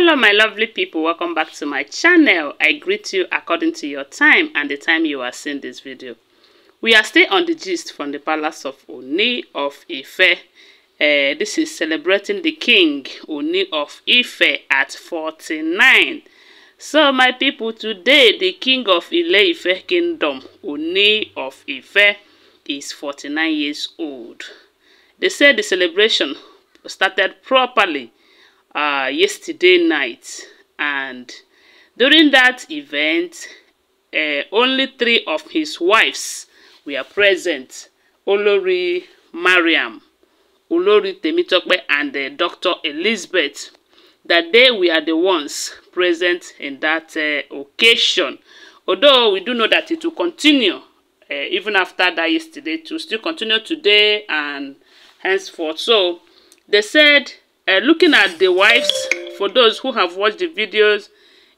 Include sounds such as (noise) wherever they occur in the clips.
Hello my lovely people, welcome back to my channel. I greet you according to your time and the time you are seeing this video. We are still on the gist from the palace of Oni of Ife. Uh, this is celebrating the king Oni of Ife at 49. So my people, today the king of Ile Ife kingdom, Oni of Ife, is 49 years old. They say the celebration started properly uh, yesterday night and during that event uh, only three of his wives were present olori mariam olori temitope and uh, dr elizabeth that day, we are the ones present in that uh, occasion although we do know that it will continue uh, even after that yesterday to still continue today and henceforth so they said uh, looking at the wives, for those who have watched the videos,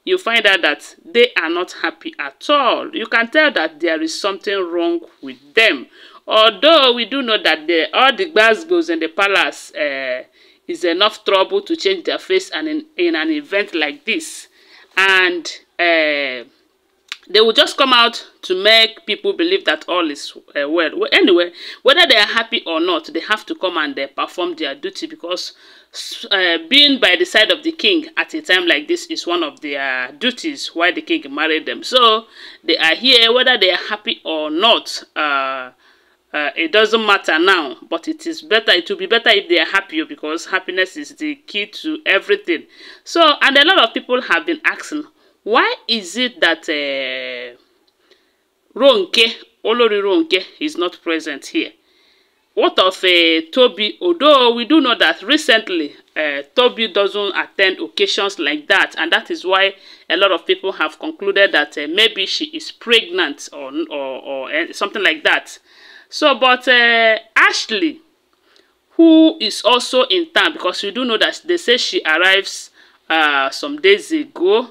you find out that they are not happy at all. You can tell that there is something wrong with them. Although we do know that the, all the Glasgow's in the palace uh, is enough trouble to change their face and in, in an event like this. And uh, they will just come out to make people believe that all is uh, well. well. Anyway, whether they are happy or not, they have to come and uh, perform their duty because uh, being by the side of the king at a time like this is one of their duties why the king married them. So they are here whether they are happy or not. Uh, uh, it doesn't matter now, but it is better. It will be better if they are happy because happiness is the key to everything. So, and a lot of people have been asking, why is it that uh, Ronke Olori Ronke is not present here what of uh, Toby although we do know that recently uh, Toby doesn't attend occasions like that and that is why a lot of people have concluded that uh, maybe she is pregnant or or, or uh, something like that so but uh, Ashley who is also in town because we do know that they say she arrives uh, some days ago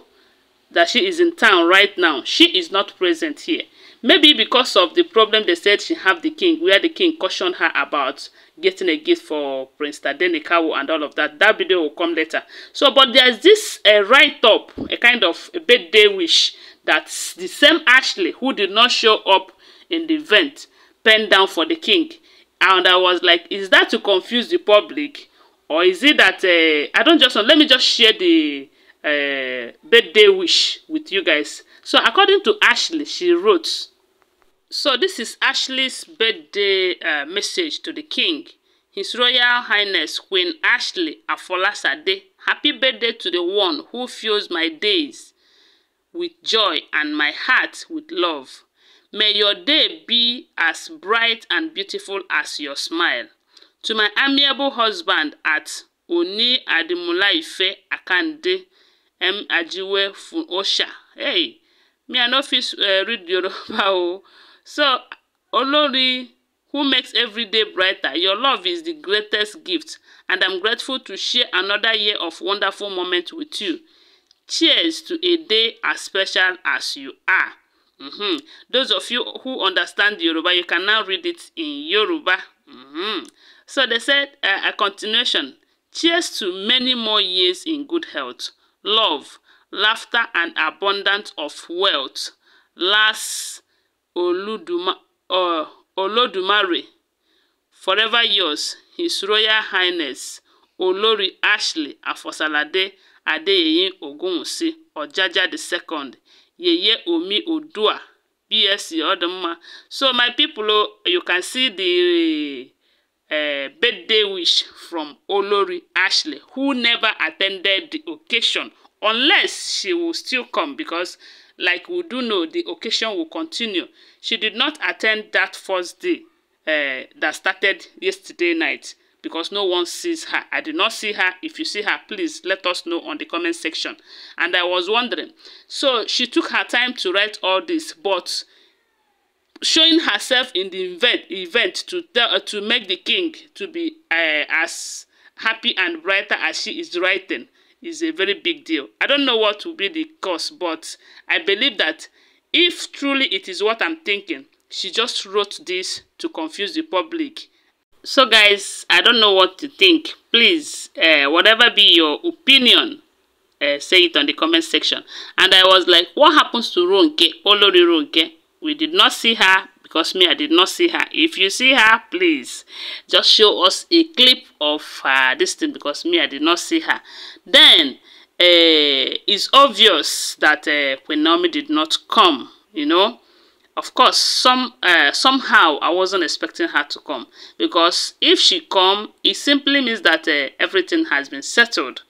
that she is in town right now. She is not present here. Maybe because of the problem they said she have the king, where the king cautioned her about getting a gift for Prince Tadenikawo and all of that. That video will come later. So, but there's this uh, write-up, a kind of a birthday wish that the same Ashley who did not show up in the event penned down for the king. And I was like, is that to confuse the public? Or is it that, uh, I don't just, let me just share the Uh, birthday wish with you guys. So according to Ashley, she wrote, so this is Ashley's birthday uh, message to the king, His Royal Highness Queen Ashley Afolasade. Happy birthday to the one who fills my days with joy and my heart with love. May your day be as bright and beautiful as your smile. To my amiable husband at Oni Adimulaife Akande, M. Ajiwe osha Hey, me I office uh, read Yoruba o. Oh. So, Olori, who makes every day brighter, your love is the greatest gift, and I'm grateful to share another year of wonderful moments with you. Cheers to a day as special as you are. Mm-hmm. Those of you who understand Yoruba, you can now read it in Yoruba. Mm-hmm. So they said uh, a continuation. Cheers to many more years in good health love, laughter, and abundance of wealth. Last Oluduma, uh, Olodumare, forever yours, His Royal Highness Olori Ashley Afosalade Adeyeyin Ogunwusi Ojaja II, Yeye Omi Odua, BSc Odomma. So my people, oh, you can see the uh, birthday wish from Olori Ashley, who never attended the occasion unless she will still come because, like we do know, the occasion will continue. She did not attend that first day uh, that started yesterday night because no one sees her. I did not see her. If you see her, please let us know on the comment section. And I was wondering. So she took her time to write all this, but showing herself in the event, event to, tell, uh, to make the king to be uh, as happy and brighter as she is writing is a very big deal. I don't know what will be the cause, but I believe that if truly it is what I'm thinking, she just wrote this to confuse the public. So guys, I don't know what to think. Please, uh, whatever be your opinion, uh, say it on the comment section. And I was like, what happens to Ronke, Olori Ronke? We did not see her because me, I did not see her. If you see her, please just show us a clip of uh, this thing because me, I did not see her. Then uh, it's obvious that uh, Queen Naomi did not come, you know. Of course, some uh, somehow I wasn't expecting her to come because if she come, it simply means that uh, everything has been settled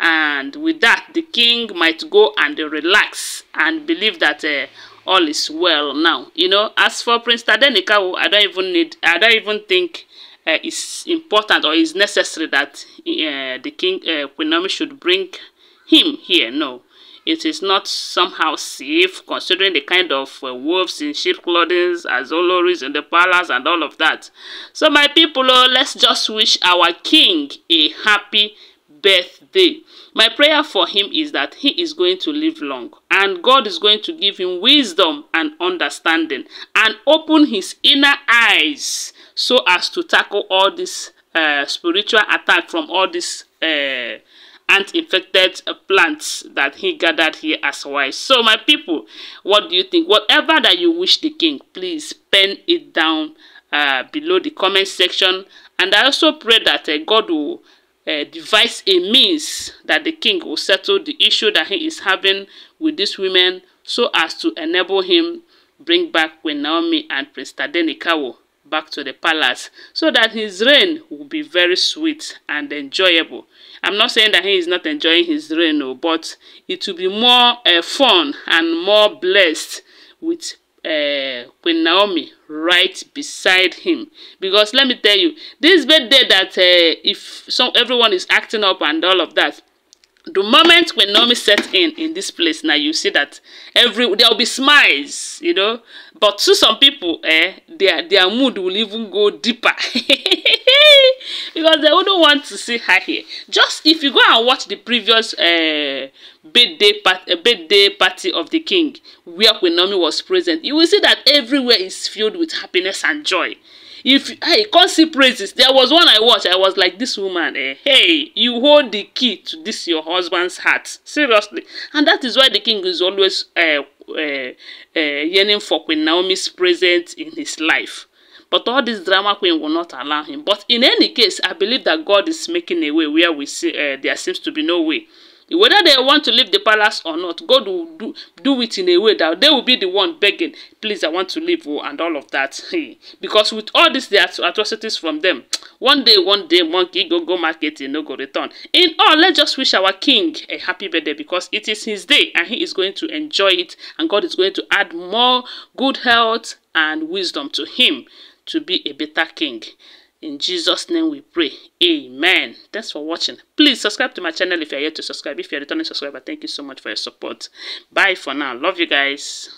and with that the king might go and relax and believe that uh, all is well now. You know, as for Prince Tadenikawo, I don't even need, I don't even think uh, it's important or it's necessary that uh, the king, uh, Queen should bring him here. No, it is not somehow safe considering the kind of uh, wolves in sheep clothing, azoloris in the palace and all of that. So my people, oh, let's just wish our king a happy birthday. My prayer for him is that he is going to live long and God is going to give him wisdom and understanding and open his inner eyes so as to tackle all this uh, spiritual attack from all these uh, ant-infected plants that he gathered here as wives. So my people, what do you think? Whatever that you wish the king, please pen it down uh, below the comment section. And I also pray that uh, God will uh, devise a means that the king will settle the issue that he is having with these women so as to enable him bring back Queen Naomi and Prince Tadenikawo back to the palace so that his reign will be very sweet and enjoyable. I'm not saying that he is not enjoying his reign, no, oh, but it will be more uh, fun and more blessed with uh, Queen Naomi right beside him. Because let me tell you, this birthday that uh, if some everyone is acting up and all of that, the moment when Naomi set in in this place now you see that every there will be smiles you know but to some people eh their their mood will even go deeper (laughs) because they wouldn't want to see her here just if you go and watch the previous uh, birthday part a eh, birthday party of the king where when Naomi was present you will see that everywhere is filled with happiness and joy if i come see praises there was one i watched. i was like this woman eh, hey you hold the key to this your husband's heart seriously and that is why the king is always uh, uh, uh, yearning for queen naomi's presence in his life but all this drama queen will not allow him but in any case i believe that god is making a way where we see uh, there seems to be no way whether they want to leave the palace or not god will do do it in a way that they will be the one begging please i want to leave oh, and all of that (laughs) because with all these the atrocities from them one day one day monkey go go market and no go return in all let's just wish our king a happy birthday because it is his day and he is going to enjoy it and god is going to add more good health and wisdom to him to be a better king In Jesus' name we pray. Amen. Thanks for watching. Please subscribe to my channel if you're yet to subscribe. If you're a returning subscriber, thank you so much for your support. Bye for now. Love you guys.